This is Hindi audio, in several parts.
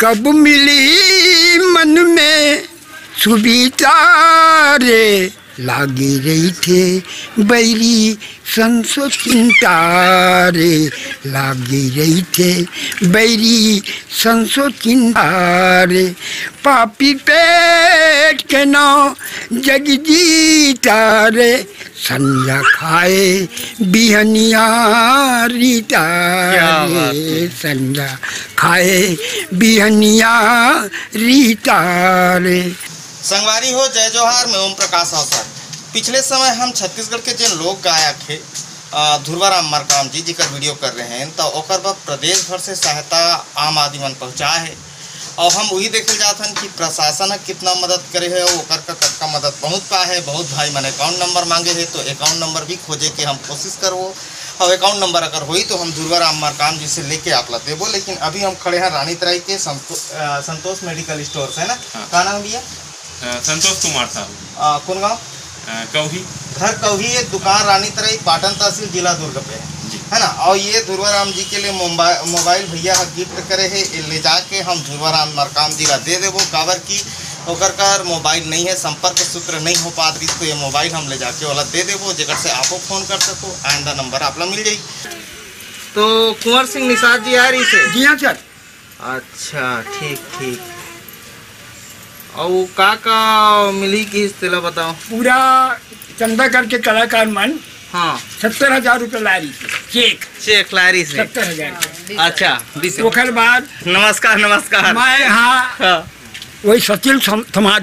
कब मिली मन में सुबीता रे लागे रही थे बैरी संसो चिंतारे लागे रही थे बैरी संसो चिंतारे पापी पेट के नौ जगजीता रे संजा खाए बिहनिया रीता रे संजा खाए बिहनिया रीता संगवारी हो जय जोहार में ओम प्रकाश अवसर पिछले समय हम छत्तीसगढ़ के जिन लोक गायक है ध्रुवाराम मरकाम जी जिकर वीडियो कर रहे हैं तो ओकर बाद प्रदेश भर से सहायता आम आदमी मन पहुँचा है और हम वही देखे जाते हैं कि प्रशासन कितना मदद करे है ओकर का कतका मदद पहुँच पाए है बहुत भाई मन अकाउंट नंबर मांगे है तो अकाउंट नंबर भी खोजे के हम कोशिश करवो और अकाउंट नंबर अगर हुई तो हम दुर्गाराम मरकाम जी से लेके आप ला देवो लेकिन अभी हम खड़े हैं रानी तराई के संतोष मेडिकल स्टोर से ना कहा नाम भैया संतोष कुमार साहब कौन गाँव कौही घर कौही एक दुकान रानी तरह पाटन तहसील जिला दुर्ग पे है है ना और ये धुरवाराम जी के लिए मोबाइल भैया गिफ्ट करे है ले जाके हम धुरवाराम मरकाम जी का दे देवो काबर की ओकर कर मोबाइल नहीं है संपर्क सूत्र नहीं हो पा रही तो ये मोबाइल हम ले जाके वाला दे देवो जगह से आपको फ़ोन कर सको आइंदा नंबर आप मिल जाई तो कुंवर सिंह निषाद जी आ रही से जी हाँ सर हाँ अच्छा ठीक ठीक और का का मिली किस तेला बताओ पूरा चंदा करके कलाकार मन हाँ सत्तर हजार रूपए लारी चेक चेक लारी से सत्तर हजार अच्छा ओकर बाद नमस्कार नमस्कार मैं हाँ, हाँ। वही सचिल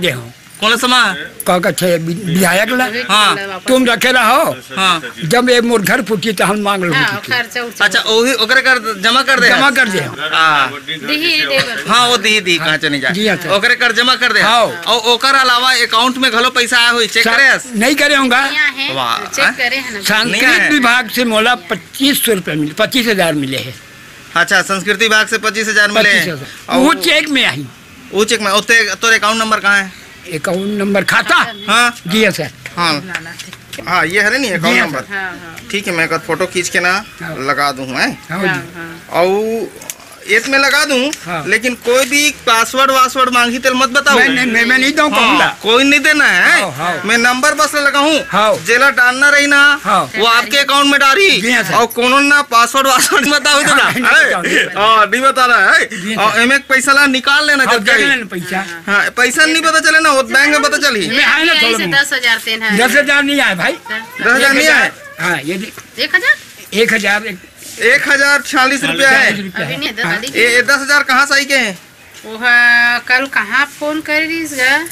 दे हूँ कौन समा का कथे विधायक ला हां तुम रखे रहो हां जब ए मोर घर फूटी त तो हम मांग लो हाँ, अच्छा ओही ओकरे कर जमा कर दे जमा कर दे हां दही दे हां वो दही दी कहां चली जाए ओकरे कर जमा कर दे हां और ओकर अलावा अकाउंट में घलो पैसा आया हुई चेक करे नहीं करेऊंगा वाह चेक तो हाँ। करे है ना विभाग से मोला 2500 रुपए मिले 25000 मिले है अच्छा संस्कृति विभाग से 25000 मिले वो चेक में आई वो चेक में तोरे अकाउंट नंबर कहां है अकाउंट नंबर खाता हाँ, हाँ। जी सर हाँ हाँ ये है नहीं अकाउंट नंबर हाँ, हाँ। ठीक है मैं फोटो खींच के ना लगा दूँ है और एक में लगा दूं हाँ। लेकिन कोई भी पासवर्ड वासवर्ड मांगी तेल मत बताओ मैं, मैं, मैं नहीं दूँ हाँ। कोई नहीं देना है हाँ, हाँ। मैं नंबर बस लगा हूँ हाँ। जेला डालना रही ना हाँ। वो आपके अकाउंट में डाली हाँ, और को ना पासवर्ड वासवर्ड बताओ हाँ, हाँ, नहीं बता रहा है और पैसा ला निकाल लेना जब पैसा पैसा नहीं पता चले ना वो बैंक में पता चली दस हजार दस हजार नहीं आए भाई दस हजार नहीं आए हाँ ये एक हजार एक हजार एक हजार छियालीस रूपया है दस हजार कहाँ से आई के है वो कल कहाँ फोन कर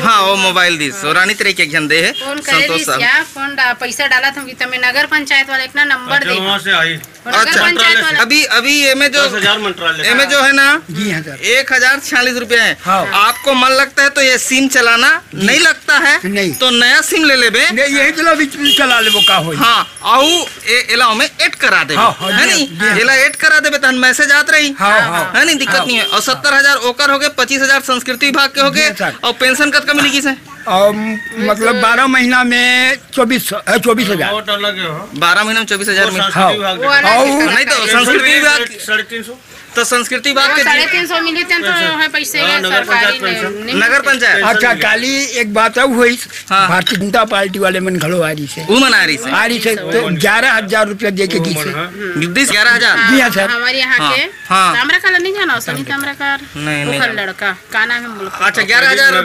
हाँ वो मोबाइल दिस रानी तरीके के घंदे है फोन कर फोन पैसा डाला था तो नगर पंचायत वाला इतना नंबर अच्छा, दे अच्छा अभी अभी में जो मंत्रालय में जो है ना हाँ, एक हजार छियालीस रूपए है हाँ। आपको मन लगता है तो ये सिम चलाना नहीं लगता है नहीं तो नया सिम ले ले यही चला तो चला लेबो का हो हाँ आऊ एलाओ में एड करा दे एला एड करा देबे तो मैसेज आते रही है नी दिक्कत नहीं है और सत्तर हजार ओकर हो गए पच्चीस हजार संस्कृति विभाग के हो गए और पेंशन कद कमी लिखी से और मतलब बारह महीना में चौबीस चौबीस हजार हाँ। बारह महीना में चौबीस हजार में हाँ। नहीं तो संस्कृति विभाग साढ़े तीन सौ तो संस्कृति बात हाँ, के साढ़े तीन सौ मिले थे तो अच्छा। पैसे नगर पंचायत अच्छा काली एक बात है हाँ। भारतीय जनता पार्टी वाले मन घड़ो आ रही से तो वो मन आ रही से आ रही से तो ग्यारह हजार रूपया दे के दी ग्यारह हजार जी हाँ सर हमारे यहाँ के तामरा का नहीं जाना सनी तामरा का लड़का का नाम है अच्छा ग्यारह हजार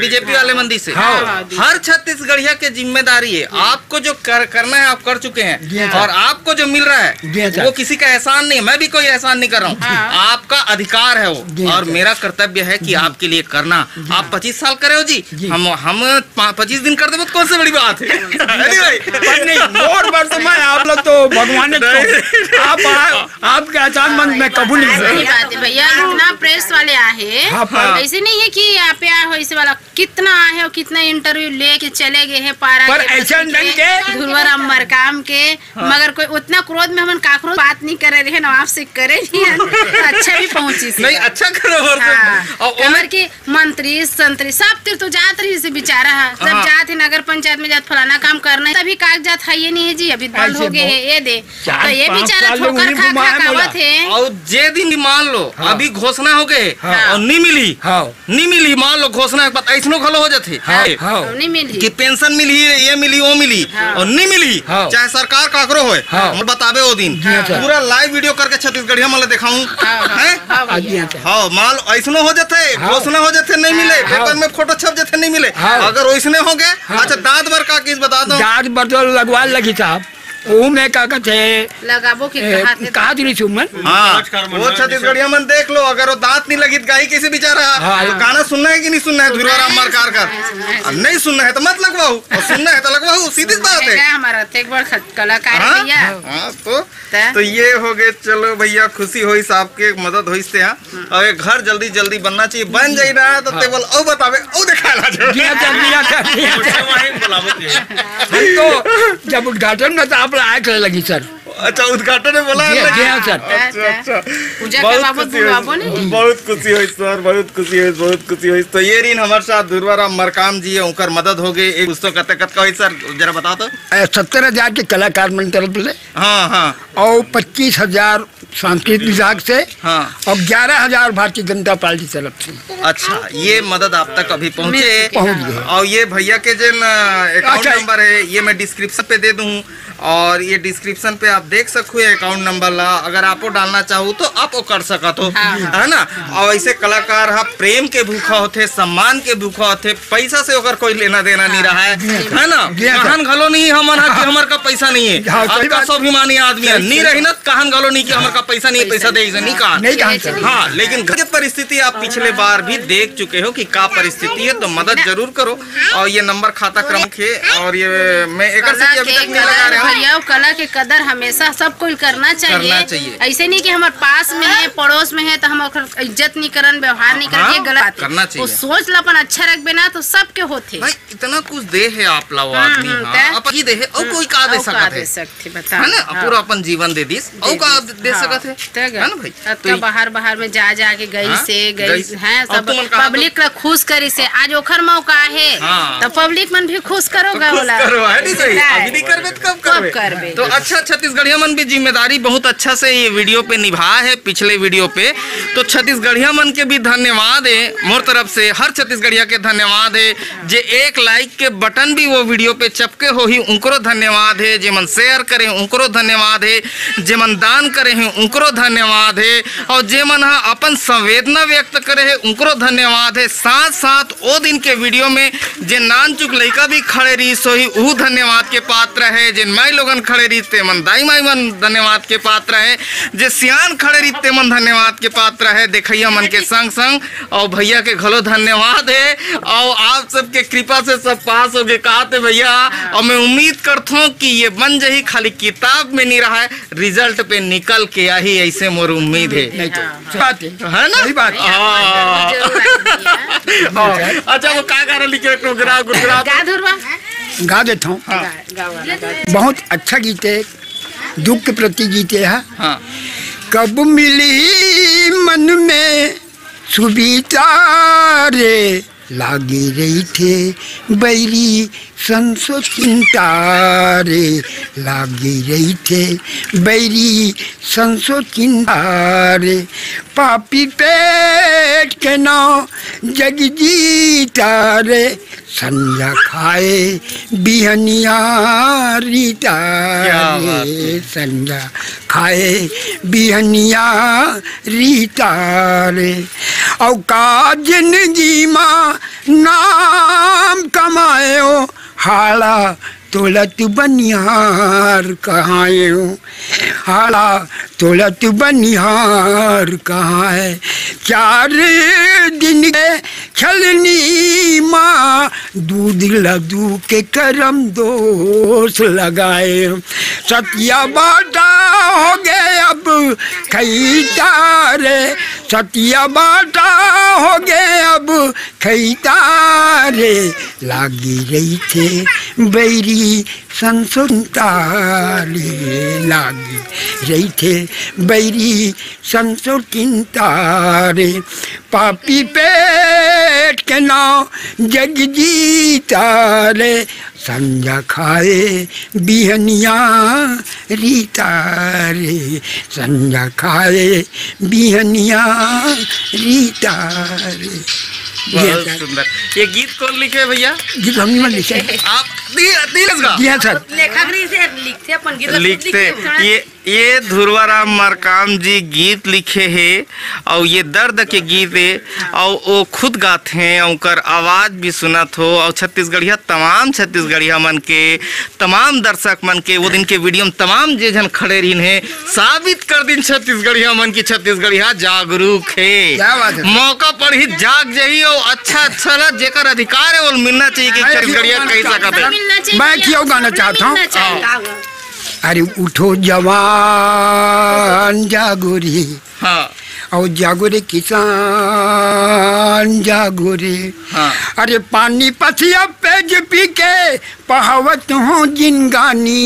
बीजेपी वाले मंदिर से हाँ, हाँ, हाँ हर छत्तीसगढ़िया के जिम्मेदारी है आपको जो कर, करना है आप कर चुके हैं अच्छा। और आपको जो मिल रहा है अच्छा। वो किसी का एहसान नहीं है मैं भी कोई एहसान नहीं कर रहा हूँ हाँ। आपका अधिकार है वो और अच्छा। मेरा कर्तव्य है की आपके लिए करना आप पच्चीस साल करे हो जी हम हम पच्चीस दिन कर दे तो कौन सी बड़ी बात है आप लोग तो भगवान कबूल भैया इतना प्रेस वाले आए ऐसे नहीं है की यहाँ पे आए हो इसे वाला कितना आए और कितना इंटरव्यू लेके चले गए हैं पारा पर के धुलवर अमर काम के हाँ। मगर कोई उतना क्रोध में हम काकरो बात नहीं करे रहे नवाब से करे अच्छा भी पहुंची नहीं अच्छा करो और हाँ। की मंत्री संतरी सब तीर तो जात रही से बेचारा है हाँ। सब जात है नगर पंचायत में जात फलाना काम करना है कागजात है ये नहीं है जी अभी हाँ बंद हो गए ये दे तो ये बेचारा ठोकर खा खा है और जे दिन मान लो अभी घोषणा हो गए और नहीं मिली नहीं मिली मान लो घोषणा के बाद ऐसे कखनो खलो हो जाथे हाँ, हाँ, हाँ। कि पेंशन मिली ये मिली वो मिली हाँ, और नहीं मिली हाँ, चाहे सरकार काकरो होए हाँ, बतावे वो दिन हाँ, हाँ। पूरा लाइव वीडियो करके छत्तीसगढ़िया मतलब दिखाऊं हाँ।, हाँ माल ऐसनो हो जाते घोषणा हो जाते नहीं मिले पेपर में फोटो छप जाते नहीं मिले अगर वैसने हो गए अच्छा दाँत भर का केस बता दो दाँत बर लगवा लगी साहब ओमे का लगाबो के कहा दिली हां वो छत्तीसगढ़िया मन देख लो अगर वो दांत नहीं तो गाय कैसे बेचारा हां तो गाना सुनना है कि नहीं सुनना है धुरवाराम का नहीं सुनना है तो मत लगवाओ और सुनना है तो लगवाओ सीधी बात है हमारा तो एक बार कलाकार हाँ? भैया हां तो तो ये हो गए चलो भैया खुशी होई साहब के मदद होई से हां और हाँ। ये घर जल्दी जल्दी बनना चाहिए बन जाई ना तो हाँ। टेबल और बतावे और दिखाला जो जी तो जब उद्घाटन में आज लगी सर अच्छा उद्घाटन में बोला है जी हाँ सर अच्छा, अच्छा। बहुत खुशी बहुत खुशी हुई सर बहुत खुशी हुई बहुत खुशी हुई तो ये रीन हमारे साथ दुर्वारा मरकाम जी है उनकर मदद हो गई एक पुस्तक कत कत का हुई सर जरा बता दो तो। सत्तर हजार के कलाकार मन तरफ से हाँ हाँ और पच्चीस हजार सांस्कृतिक विभाग से हाँ और ग्यारह हजार भारतीय जनता पार्टी तरफ से अच्छा ये मदद आप तक अभी पहुँचे और ये भैया के जो अकाउंट नंबर है ये मैं डिस्क्रिप्शन पे दे दूँ और ये डिस्क्रिप्शन पे आप देख सको अकाउंट नंबर ला अगर आपको डालना चाहो तो आप वो कर सकत हो हाँ, हाँ। है ना हाँ। और ऐसे कलाकार हा प्रेम के भूखा होते सम्मान के भूखा होते पैसा से अगर कोई लेना देना हाँ, नहीं रहा है हाँ। है ना हाँ। कहन घलो नहीं हमारा कि हमार का पैसा नहीं है आपका स्वाभिमानी आदमी है नहीं रही ना कहन घलो नहीं की हमारे का पैसा नहीं पैसा दे नहीं कहा हाँ लेकिन घर परिस्थिति आप पिछले बार भी देख चुके हो की का परिस्थिति है तो मदद जरूर करो और ये नंबर खाता क्रम के और ये मैं एक अभी तक नहीं लगा रहा हूँ धैर्य और कला के कदर हमेशा सबको करना चाहिए ऐसे नहीं कि हमारे पास में है पड़ोस में है तो हम इज्जत नहीं करन व्यवहार नहीं करन ये हाँ, गलत करना चाहिए सोच ला अपन अच्छा रख ना तो सबके होते इतना कुछ दे है आप ला अपन ही दे है कोई का दे सकते है ना हाँ। पूरा अपन जीवन दे दिस और का दे हाँ, सकत है ना भाई तो तो बाहर बाहर में जा जाके गई से गई है सब पब्लिक का तो- खुश करी से आज ओखर मौका है तो पब्लिक मन भी खुश करोगा बोला करबे करबे तो अच्छा छत्तीसगढ़िया मन भी जिम्मेदारी बहुत अच्छा से ये वीडियो पे निभा है पिछले वीडियो पे तो छत्तीसगढ़िया मन के भी धन्यवाद है मोर तरफ से हर छत्तीसगढ़िया के धन्यवाद है जे एक लाइक के बटन भी वो वीडियो पे चपके हो ही उनको धन्यवाद है जे मन शेयर करे उनको धन्यवाद है जे मन दान करे है उनको धन्यवाद है और जे मन हाँ अपन संवेदना व्यक्त करे है उनको धन्यवाद है साथ साथ वो दिन के वीडियो में जे नान चुक लड़का भी खड़े रही सो ही धन्यवाद के पात्र है जिन मैं भाई लोगन खड़े रीते मन दाई माई मन धन्यवाद के पात्र है जे सियान खड़े रीते मन धन्यवाद के पात्र है देखैया मन के संग संग और भैया के घलो धन्यवाद है और आप सबके कृपा से सब पास हो गए कहते भैया और मैं उम्मीद करता हूँ कि ये बन जा खाली किताब में नहीं रहा है रिजल्ट पे निकल के आई ऐसे मोर उम्मीद है तो। है ना बात हाँ। अच्छा वो का लिखे गुजरात गुजरात गा देता हूँ हाँ। बहुत अच्छा गीत है दुख के प्रति गीत है हाँ।, हाँ। कब मिली मन में सुबीता रे लागे रही थे बैरी संसो रे लागे रही थे बैरी संसो रे पापी पेट के नाव जग जीता रे संजा खाए बिहनिया रीता रे संजा खाए बिहनिया रीता रे औका जिंदगी माँ नाम कमायो हाला तोलत बनिहार कहाँ हाला तोलत बनिहार कहाँ है चार दिन के छलनी माँ दूध लड्डू के करम दोष लगाए सतिया बाटा हो गया सब खैतार सतिया बाटा हो गए अब खैतार लागी रही थे बैरी संसुनतारी लागी रही थे बैरी तारे पापी पे बैठना जग रे संझा खाए बिहनिया रीता रे संझा खाए बिहनिया रीता रे बहुत ये गीत कौन लिखे भैया गीत हम नहीं लिखे आप दी, दी जी हाँ सर लेखक से लिखते अपन गीत लिखते ये ये राम मरकाम जी गीत लिखे हे और ये दर्द के गीत है और वो खुद गाते हैं उनकर आवाज़ भी सुनत हो और छत्तीसगढ़िया तमाम छत्तीसगढ़िया मन के तमाम दर्शक मन के वो दिन के वीडियो में तमाम जे जन खड़े रही हैं साबित कर दिन छत्तीसगढ़िया मन की छत्तीसगढ़िया जागरूक है मौका पर ही जाग जाइए और अच्छा अच्छा ला जेकर अधिकार है वो मिलना चाहिए कि छत्तीसगढ़िया कही सकते मैं क्यों गाना चाहता हूँ अरे उठो जवान जागोरी हाँ और जागो किसान जागो हाँ। अरे पानी पथिया पेज पी के पहावत हूँ जिन गानी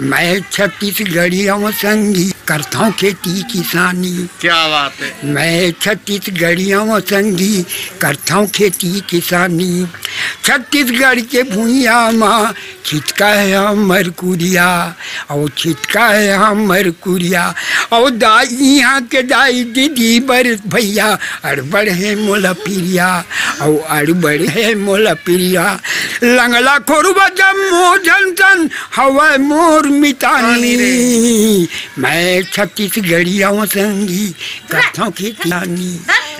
मैं छत्तीसगढ़ी छत्तीसगढ़ियों संगी करता हूँ खेती किसानी क्या बात है मैं छत्तीसगढ़ी छत्तीसगढ़ियों संगी करता हूँ खेती किसानी छत्तीसगढ़ के भूया माँ छिटका है हम मरकुरिया और छिटका है हम मरकुरिया और दाई यहाँ के जाई दीदी बरत भैया अड़बड़ है मोला पिरिया और अड़बड़ है मोला पिरिया लंगला खोरुबा जब मोझन तन हवा मोर मितानी मैं छत्तीसगढ़िया हूँ संगी कथों की किसानी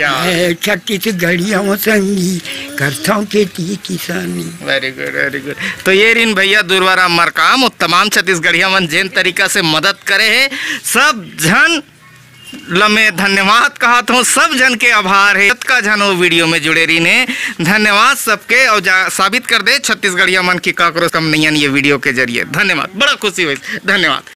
मैं छत्तीसगढ़िया हूँ संगी कथों के ती किसानी वेरी गुड वेरी गुड तो ये रिन भैया दुर्वारा मरकाम और तमाम छत्तीसगढ़िया मन जिन तरीका से मदद करे है सब जन लमे धन्यवाद कहा हूँ सब जन के आभार है का जन वो वीडियो में जुड़े रही ने धन्यवाद सबके और साबित कर दे छत्तीसगढ़िया मन की काक्रोश कम नहीं ये वीडियो के जरिए धन्यवाद बड़ा खुशी हुई धन्यवाद